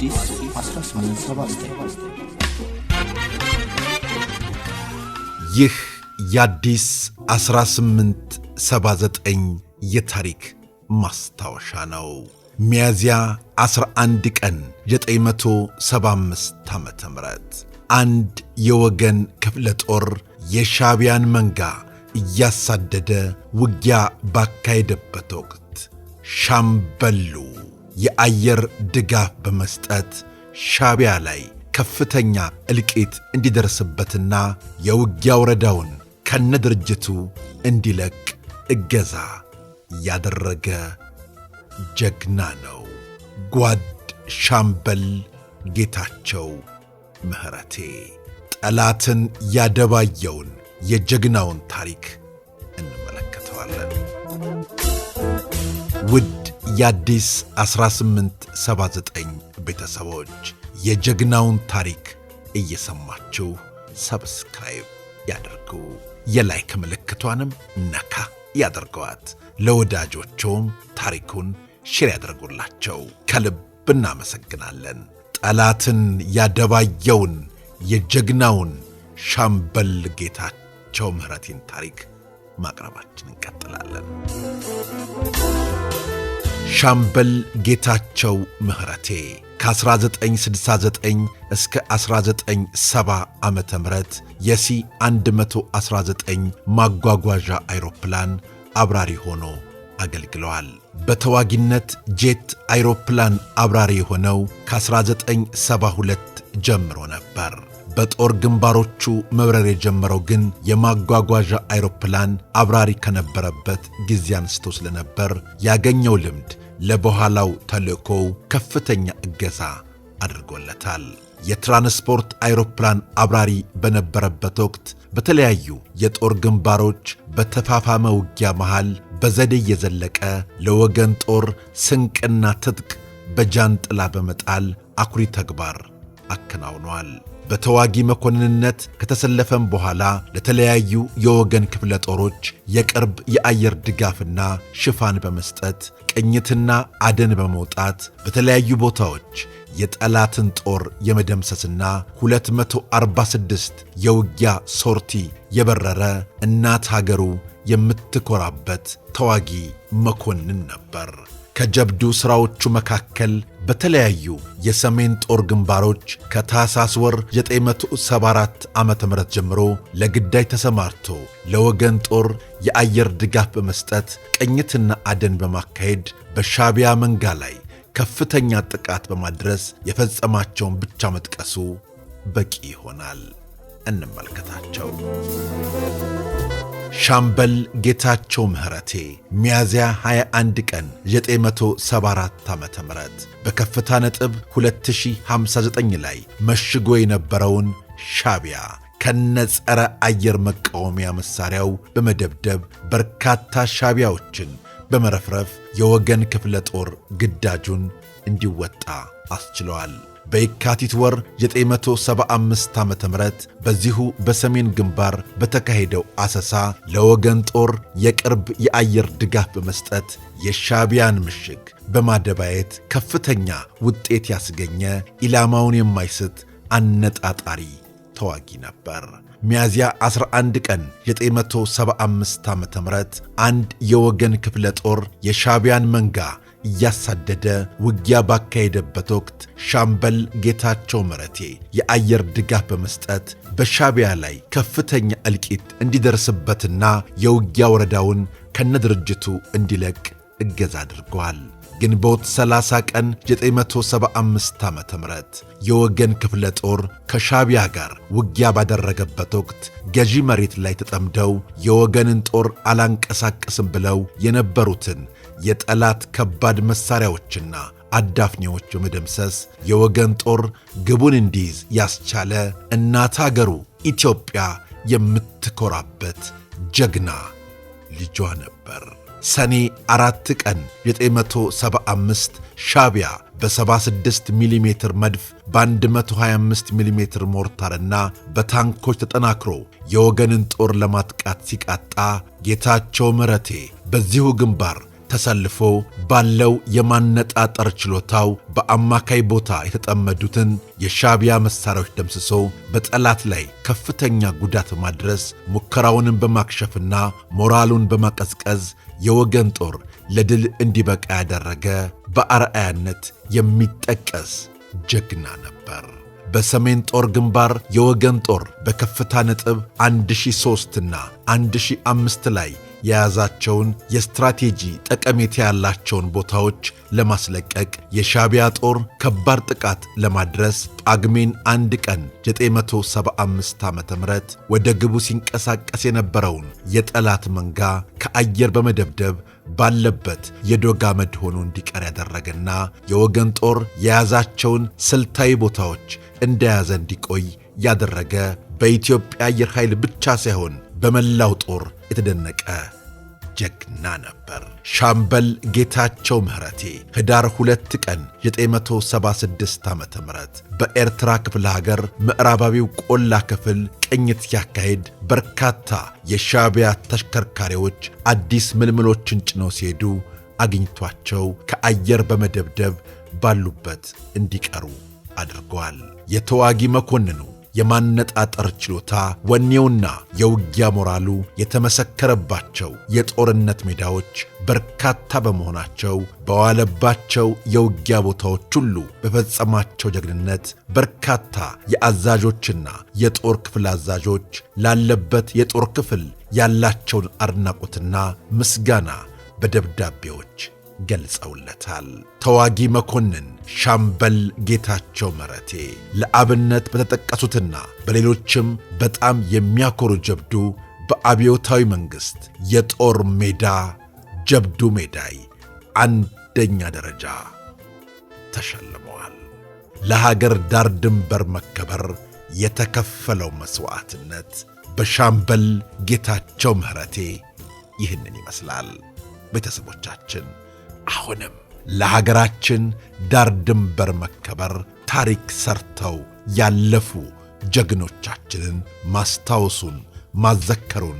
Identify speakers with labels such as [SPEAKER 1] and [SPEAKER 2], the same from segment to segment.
[SPEAKER 1] አዲስ 1879 ይህ የአዲስ 1879 የታሪክ ማስታወሻ ነው። ሚያዝያ 11 ቀን 975 ዓ ም አንድ የወገን ክፍለ ጦር የሻቢያን መንጋ እያሳደደ ውጊያ ባካሄደበት ወቅት ሻምበሉ የአየር ድጋፍ በመስጠት ሻቢያ ላይ ከፍተኛ እልቂት እንዲደርስበትና የውጊያ ወረዳውን ከነ ድርጅቱ እንዲለቅ እገዛ ያደረገ ጀግና ነው ጓድ ሻምበል ጌታቸው ምህረቴ። ጠላትን ያደባየውን የጀግናውን ታሪክ እንመለከተዋለን። ውድ የአዲስ 1879 ቤተሰቦች የጀግናውን ታሪክ እየሰማችሁ ሰብስክራይብ ያደርጉ፣ የላይክ ምልክቷንም ነካ ያደርገዋት፣ ለወዳጆቸውም ታሪኩን ሼር ያደርጉላቸው። ከልብ እናመሰግናለን። ጠላትን ያደባየውን የጀግናውን ሻምበል ጌታቸው ምህረቴን ታሪክ ማቅረባችን እንቀጥላለን። ሻምበል ጌታቸው ምህረቴ ከ1969 እስከ 1970 ዓ ም የሲ 119 ማጓጓዣ አይሮፕላን አብራሪ ሆኖ አገልግለዋል። በተዋጊነት ጄት አይሮፕላን አብራሪ የሆነው ከ1972 ጀምሮ ነበር። በጦር ግንባሮቹ መብረር የጀመረው ግን የማጓጓዣ አይሮፕላን አብራሪ ከነበረበት ጊዜ አንስቶ ስለነበር ያገኘው ልምድ ለበኋላው ተልእኮው ከፍተኛ እገዛ አድርጎለታል። የትራንስፖርት አይሮፕላን አብራሪ በነበረበት ወቅት በተለያዩ የጦር ግንባሮች በተፋፋመ ውጊያ መሃል በዘዴ እየዘለቀ ለወገን ጦር ስንቅና ትጥቅ በጃንጥላ በመጣል አኩሪ ተግባር አከናውኗል። በተዋጊ መኮንንነት ከተሰለፈም በኋላ ለተለያዩ የወገን ክፍለ ጦሮች የቅርብ የአየር ድጋፍና ሽፋን በመስጠት ቅኝትና አደን በመውጣት በተለያዩ ቦታዎች የጠላትን ጦር የመደምሰስና 246 የውጊያ ሶርቲ የበረረ እናት ሀገሩ የምትኮራበት ተዋጊ መኮንን ነበር። ከጀብዱ ሥራዎቹ መካከል በተለያዩ የሰሜን ጦር ግንባሮች ከታህሳስ ወር 974 ዓ ም ጀምሮ ለግዳይ ተሰማርቶ ለወገን ጦር የአየር ድጋፍ በመስጠት ቅኝትና አደን በማካሄድ በሻቢያ መንጋ ላይ ከፍተኛ ጥቃት በማድረስ የፈጸማቸውን ብቻ መጥቀሱ በቂ ይሆናል። እንመልከታቸው። ሻምበል ጌታቸው ምህረቴ ሚያዝያ 21 ቀን 974 ዓ ም በከፍታ ነጥብ 2059 ላይ መሽጎ የነበረውን ከነ ከነጸረ አየር መቃወሚያ መሣሪያው በመደብደብ በርካታ ሻቢያዎችን በመረፍረፍ የወገን ክፍለ ጦር ግዳጁን እንዲወጣ አስችለዋል። በየካቲት ወር 975 ዓ ም በዚሁ በሰሜን ግንባር በተካሄደው አሰሳ ለወገን ጦር የቅርብ የአየር ድጋፍ በመስጠት የሻቢያን ምሽግ በማደባየት ከፍተኛ ውጤት ያስገኘ ኢላማውን የማይስት አነጣጣሪ ተዋጊ ነበር። ሚያዝያ 11 ቀን 975 ዓ ም አንድ የወገን ክፍለ ጦር የሻቢያን መንጋ እያሳደደ ውጊያ ባካሄደበት ወቅት ሻምበል ጌታቸው መረቴ የአየር ድጋፍ በመስጠት በሻቢያ ላይ ከፍተኛ እልቂት እንዲደርስበትና የውጊያ ወረዳውን ከነድርጅቱ እንዲለቅ እገዛ አድርገዋል። ግንቦት 30 ቀን 975 ዓ ም የወገን ክፍለ ጦር ከሻቢያ ጋር ውጊያ ባደረገበት ወቅት ገዢ መሬት ላይ ተጠምደው የወገንን ጦር አላንቀሳቀስም ብለው የነበሩትን የጠላት ከባድ መሣሪያዎችና አዳፍኔዎች በመደምሰስ የወገን ጦር ግቡን እንዲይዝ ያስቻለ እናት አገሩ ኢትዮጵያ የምትኮራበት ጀግና ልጇ ነበር። ሰኔ አራት ቀን 975 ሻቢያ በ76 ሚሜ መድፍ በ125 ሚሜ ሞርታርና በታንኮች ተጠናክሮ የወገንን ጦር ለማጥቃት ሲቃጣ ጌታቸው ምረቴ በዚሁ ግንባር ተሰልፎ ባለው የማነጣጠር ችሎታው በአማካይ ቦታ የተጠመዱትን የሻቢያ መሣሪያዎች ደምስሶ በጠላት ላይ ከፍተኛ ጉዳት ማድረስ ሙከራውንም በማክሸፍና ሞራሉን በማቀዝቀዝ የወገን ጦር ለድል እንዲበቃ ያደረገ በአርአያነት የሚጠቀስ ጀግና ነበር። በሰሜን ጦር ግንባር የወገን ጦር በከፍታ ነጥብ 1003 እና 1005 ላይ የያዛቸውን የስትራቴጂ ጠቀሜታ ያላቸውን ቦታዎች ለማስለቀቅ የሻቢያ ጦር ከባድ ጥቃት ለማድረስ ጳጉሜን አንድ ቀን 975 ዓ ም ወደ ግቡ ሲንቀሳቀስ የነበረውን የጠላት መንጋ ከአየር በመደብደብ ባለበት የዶጋ መድ ሆኖ እንዲቀር ያደረገና የወገን ጦር የያዛቸውን ስልታዊ ቦታዎች እንደያዘ እንዲቆይ ያደረገ በኢትዮጵያ አየር ኃይል ብቻ ሳይሆን በመላው ጦር የተደነቀ ጀግና ነበር። ሻምበል ጌታቸው ምህረቴ ህዳር ሁለት ቀን 976 ዓ ም በኤርትራ ክፍለ ሀገር ምዕራባዊው ቆላ ክፍል ቅኝት ሲያካሄድ በርካታ የሻቢያ ተሽከርካሪዎች አዲስ ምልምሎችን ጭነው ሲሄዱ አግኝቷቸው ከአየር በመደብደብ ባሉበት እንዲቀሩ አድርገዋል። የተዋጊ መኮንኑ የማነጣጠር ችሎታ፣ ወኔውና የውጊያ ሞራሉ የተመሰከረባቸው የጦርነት ሜዳዎች በርካታ በመሆናቸው በዋለባቸው የውጊያ ቦታዎች ሁሉ በፈጸማቸው ጀግንነት በርካታ የአዛዦችና የጦር ክፍል አዛዦች ላለበት የጦር ክፍል ያላቸውን አድናቆትና ምስጋና በደብዳቤዎች ገልጸውለታል። ተዋጊ መኮንን ሻምበል ጌታቸው መረቴ ለአብነት በተጠቀሱትና በሌሎችም በጣም የሚያኮሩ ጀብዱ በአብዮታዊ መንግሥት የጦር ሜዳ ጀብዱ ሜዳይ አንደኛ ደረጃ ተሸልመዋል። ለሀገር ዳር ድንበር መከበር የተከፈለው መሥዋዕትነት በሻምበል ጌታቸው ምህረቴ ይህንን ይመስላል። ቤተሰቦቻችን አሁንም ለሀገራችን ዳር ድንበር መከበር ታሪክ ሰርተው ያለፉ ጀግኖቻችንን ማስታወሱን ማዘከሩን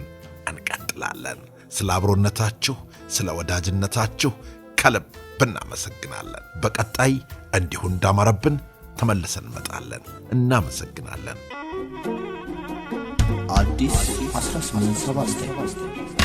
[SPEAKER 1] እንቀጥላለን። ስለ አብሮነታችሁ፣ ስለ ወዳጅነታችሁ ከልብ እናመሰግናለን። በቀጣይ እንዲሁ እንዳማረብን ተመልሰን እንመጣለን። እናመሰግናለን። አዲስ 1879